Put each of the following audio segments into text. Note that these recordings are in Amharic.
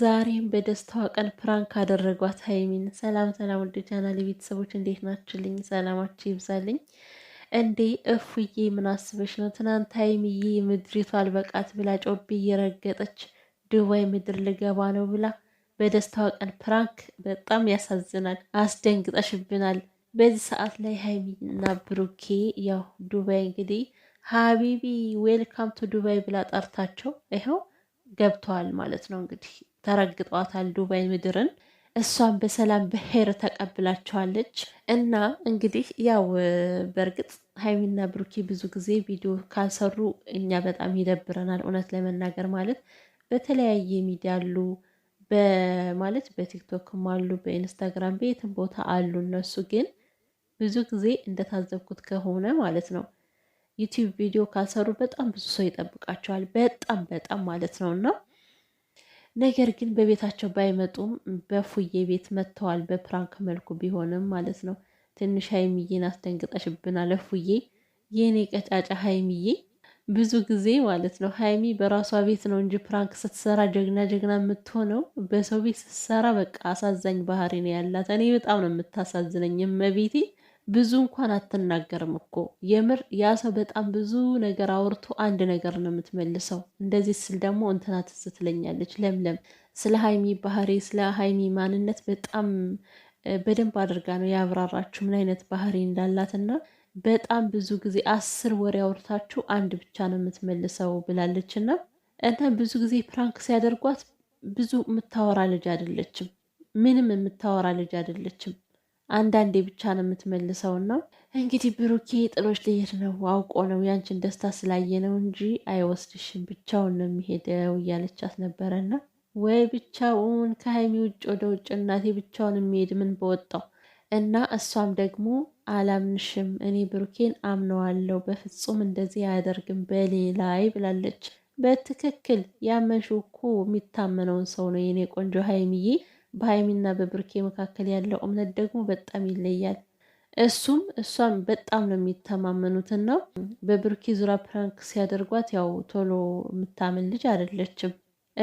ዛሬም በደስታዋ ቀን ፕራንክ አደረጓት ሀይሚን። ሰላም ሰላም፣ ወደ ቻናል ቤተሰቦች እንዴት ናችሁልኝ? ሰላማችሁ ይብዛልኝ። እንዴ እፉዬ ምን አስበሽ ነው? ትናንት ሀይሚዬ ምድሪቷ አልበቃት ብላ ጮቤ እየረገጠች ዱባይ ምድር ልገባ ነው ብላ በደስታዋ ቀን ፕራንክ፣ በጣም ያሳዝናል። አስደንግጠሽብናል። በዚህ ሰዓት ላይ ሀይሚና ብሩኬ ያው ዱባይ እንግዲህ ሀቢቢ ዌልካም ቱ ዱባይ ብላ ጠርታቸው ይኸው ገብተዋል ማለት ነው እንግዲህ ተረግጧታል ዱባይ ምድርን። እሷን በሰላም በሄር ተቀብላቸዋለች። እና እንግዲህ ያው በእርግጥ ሀይሚና ብሩኬ ብዙ ጊዜ ቪዲዮ ካልሰሩ እኛ በጣም ይደብረናል፣ እውነት ለመናገር ማለት በተለያየ ሚዲያ አሉ በማለት በቲክቶክም አሉ፣ በኢንስታግራም በየትም ቦታ አሉ። እነሱ ግን ብዙ ጊዜ እንደታዘብኩት ከሆነ ማለት ነው ዩቲዩብ ቪዲዮ ካልሰሩ በጣም ብዙ ሰው ይጠብቃቸዋል። በጣም በጣም ማለት ነው እና ነገር ግን በቤታቸው ባይመጡም በፉዬ ቤት መጥተዋል። በፕራንክ መልኩ ቢሆንም ማለት ነው። ትንሽ ሀይሚዬን አስደንግጠሽብና ፉዬ የእኔ ቀጫጫ ሀይሚዬ ብዙ ጊዜ ማለት ነው ሀይሚ በራሷ ቤት ነው እንጂ ፕራንክ ስትሰራ ጀግና ጀግና የምትሆነው በሰው ቤት ስትሰራ በቃ አሳዛኝ ባህሪ ነው ያላት። እኔ በጣም ነው የምታሳዝነኝ እመቤቴ። ብዙ እንኳን አትናገርም እኮ የምር ያ ሰው በጣም ብዙ ነገር አውርቶ አንድ ነገር ነው የምትመልሰው። እንደዚህ ስል ደግሞ እንትና ትዝ ትለኛለች ለምለም ስለ ሀይሚ ባህሪ፣ ስለ ሀይሚ ማንነት በጣም በደንብ አድርጋ ነው ያብራራችሁ ምን አይነት ባህሪ እንዳላትና በጣም ብዙ ጊዜ አስር ወሬ አውርታችሁ አንድ ብቻ ነው የምትመልሰው ብላለች። እና እና ብዙ ጊዜ ፕራንክ ሲያደርጓት ብዙ የምታወራ ልጅ አይደለችም፣ ምንም የምታወራ ልጅ አይደለችም። አንዳንዴ ብቻ ነው ነው እንግዲህ ብሩኬ ጥሎች ለየት ነው አውቆ ነው ያንችን ደስታ ስላየ ነው እንጂ አይወስድሽም፣ ብቻውን ነው የሚሄደው እያለቻት ነበረና ወይ ብቻውን ከሀይሚ ውጭ ወደ ውጭ እናቴ ብቻውን የሚሄድ ምን በወጣው እና እሷም ደግሞ አላምንሽም፣ እኔ ብሩኬን አምነዋለሁ፣ በፍጹም እንደዚህ አያደርግም ላይ ብላለች። በትክክል ያመንሽው እኮ የሚታመነውን ሰው ነው የኔ ቆንጆ ሀይሚዬ በሀይሚና በብሩኬ መካከል ያለው እምነት ደግሞ በጣም ይለያል። እሱም እሷም በጣም ነው የሚተማመኑትን ነው። በብሩኬ ዙሪያ ፕራንክ ሲያደርጓት ያው ቶሎ የምታምን ልጅ አይደለችም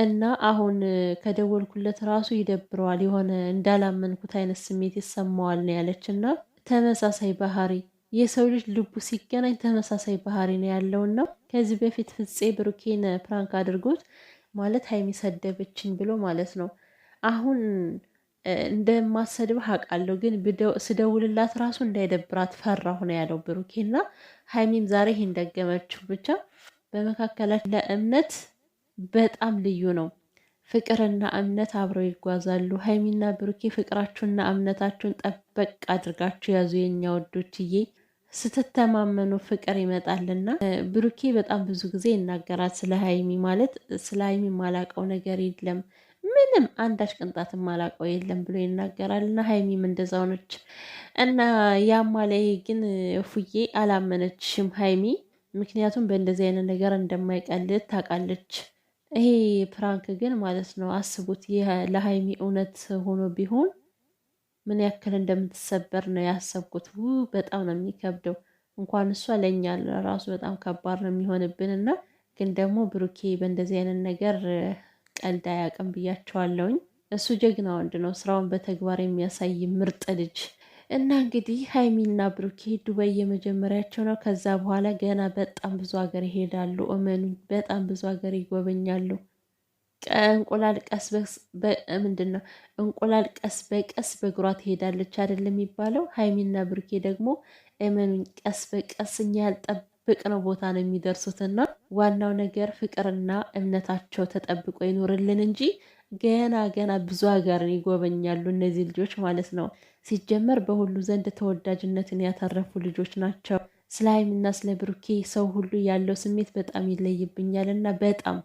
እና አሁን ከደወልኩለት ራሱ ይደብረዋል። የሆነ እንዳላመንኩት አይነት ስሜት ይሰማዋል ነው ያለች እና ተመሳሳይ ባህሪ የሰው ልጅ ልቡ ሲገናኝ ተመሳሳይ ባህሪ ነው ያለውን ነው። ከዚህ በፊት ፍፄ ብሩኬን ፕራንክ አድርጎት ማለት ሀይሚ ሰደበችን ብሎ ማለት ነው አሁን እንደማሰድብህ አውቃለሁ፣ ግን ስደውልላት ራሱ እንዳይደብራት ፈራሁ ነው ያለው ብሩኬና ሀይሚም ዛሬ ይሄን ደገመችው። ብቻ በመካከላቸው ለእምነት በጣም ልዩ ነው። ፍቅርና እምነት አብረው ይጓዛሉ። ሀይሚና ብሩኬ ፍቅራችሁና እምነታችሁን ጠበቅ አድርጋችሁ ያዙ የኛ ወዶችዬ። ስትተማመኑ ፍቅር ይመጣልና። ብሩኬ በጣም ብዙ ጊዜ ይናገራል ስለ ሀይሚ ማለት ስለ ሀይሚ ማላቀው ነገር የለም ምንም አንዳች ቅንጣት ማላቀው የለም ብሎ ይናገራል። እና ሀይሚም እንደዛው ነች። እና ያማ ላይ ግን ፉዬ አላመነችም ሀይሚ፣ ምክንያቱም በእንደዚህ አይነት ነገር እንደማይቀልድ ታውቃለች። ይሄ ፕራንክ ግን ማለት ነው አስቡት፣ ለሀይሚ እውነት ሆኖ ቢሆን ምን ያክል እንደምትሰበር ነው ያሰብኩት። በጣም ነው የሚከብደው። እንኳን እሷ ለእኛ ራሱ በጣም ከባድ ነው የሚሆንብን እና ግን ደግሞ ብሩኬ በእንደዚህ አይነት ነገር ቀልድ አያውቅም ብያቸዋለውኝ። እሱ ጀግና ወንድ ነው፣ ስራውን በተግባር የሚያሳይ ምርጥ ልጅ እና እንግዲህ ሀይሚና ብሩኬ ዱባይ የመጀመሪያቸው ነው። ከዛ በኋላ ገና በጣም ብዙ ሀገር ይሄዳሉ። እመኑኝ፣ በጣም ብዙ ሀገር ይጎበኛሉ። እንቁላል ቀስ ምንድን ነው እንቁላል ቀስ በቀስ በእግሯ ትሄዳለች አይደለም የሚባለው። ሀይሚና ብሩኬ ደግሞ እመኑኝ፣ ቀስ በቀስ እኛ ያልጠ በቅርብ ቦታ ነው የሚደርሱትና ዋናው ነገር ፍቅርና እምነታቸው ተጠብቆ ይኖርልን እንጂ ገና ገና ብዙ ሀገርን ይጎበኛሉ እነዚህ ልጆች ማለት ነው። ሲጀመር በሁሉ ዘንድ ተወዳጅነትን ያተረፉ ልጆች ናቸው። ስለ ሀይሚና ስለ ብሩኬ ሰው ሁሉ ያለው ስሜት በጣም ይለይብኛል እና በጣም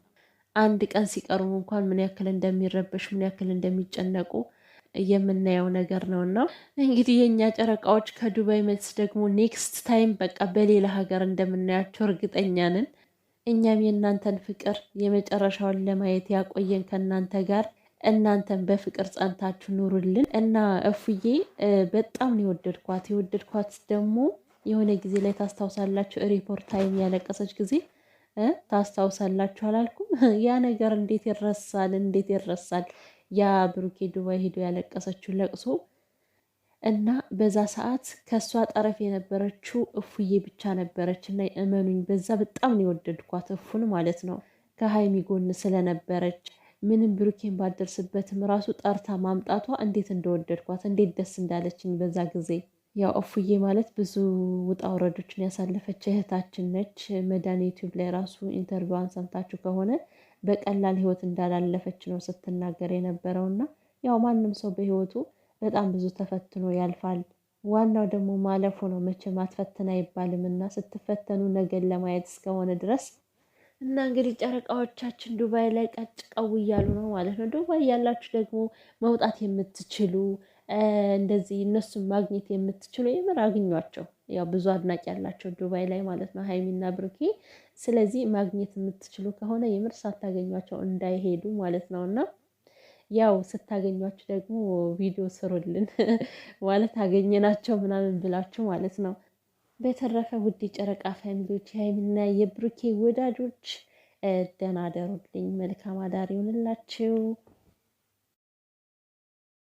አንድ ቀን ሲቀርቡ እንኳን ምን ያክል እንደሚረበሽ ምን ያክል እንደሚጨነቁ የምናየው ነገር ነው እና እንግዲህ የእኛ ጨረቃዎች ከዱባይ መልስ ደግሞ ኔክስት ታይም በቃ በሌላ ሀገር እንደምናያቸው እርግጠኛ ነን። እኛም የእናንተን ፍቅር የመጨረሻውን ለማየት ያቆየን ከእናንተ ጋር እናንተን በፍቅር ጸንታችሁ ኑሩልን እና እፉዬ በጣም ነው የወደድኳት። የወደድኳት ደግሞ የሆነ ጊዜ ላይ ታስታውሳላችሁ፣ ሪፖርት ታይም ያለቀሰች ጊዜ ታስታውሳላችሁ አላልኩም? ያ ነገር እንዴት ይረሳል? እንዴት ይረሳል? ያ ብሩኬ ዱባይ ሄዶ ያለቀሰችው ለቅሶ እና በዛ ሰዓት ከእሷ ጠረፍ የነበረችው እፉዬ ብቻ ነበረች። እና እመኑኝ በዛ በጣም ነው የወደድኳት እፉን ማለት ነው ከሀይሚ ጎን ስለነበረች ምንም ብሩኬን ባደርስበትም ራሱ ጠርታ ማምጣቷ እንዴት እንደወደድኳት እንዴት ደስ እንዳለችኝ በዛ ጊዜ። ያው እፉዬ ማለት ብዙ ውጣ ውረዶችን ያሳለፈች እህታችን ነች። መዳን ዩቲዩብ ላይ ራሱ ኢንተርቪዋን ሰምታችሁ ከሆነ በቀላል ህይወት እንዳላለፈች ነው ስትናገር የነበረው እና ያው ማንም ሰው በህይወቱ በጣም ብዙ ተፈትኖ ያልፋል። ዋናው ደግሞ ማለፉ ነው። መቼም አትፈትን አይባልም እና ስትፈተኑ ነገን ለማየት እስከሆነ ድረስ እና እንግዲህ ጨረቃዎቻችን ዱባይ ላይ ቀጭ እያሉ ነው ማለት ነው። ዱባይ ያላችሁ ደግሞ መውጣት የምትችሉ እንደዚህ እነሱን ማግኘት የምትችሉ የምር አግኟቸው። ያው ብዙ አድናቂ ያላቸው ዱባይ ላይ ማለት ነው ሀይሚና ብሩኬ። ስለዚህ ማግኘት የምትችሉ ከሆነ የምር ሳታገኟቸው እንዳይሄዱ ማለት ነው እና ያው ስታገኟቸው ደግሞ ቪዲዮ ስሩልን ማለት አገኘናቸው ምናምን ብላችሁ ማለት ነው። በተረፈ ውድ የጨረቃ ፋሚሊዎች የሀይሚና የብሩኬ ወዳጆች ደህና አደሩልኝ። መልካም አዳር ይሆንላችሁ።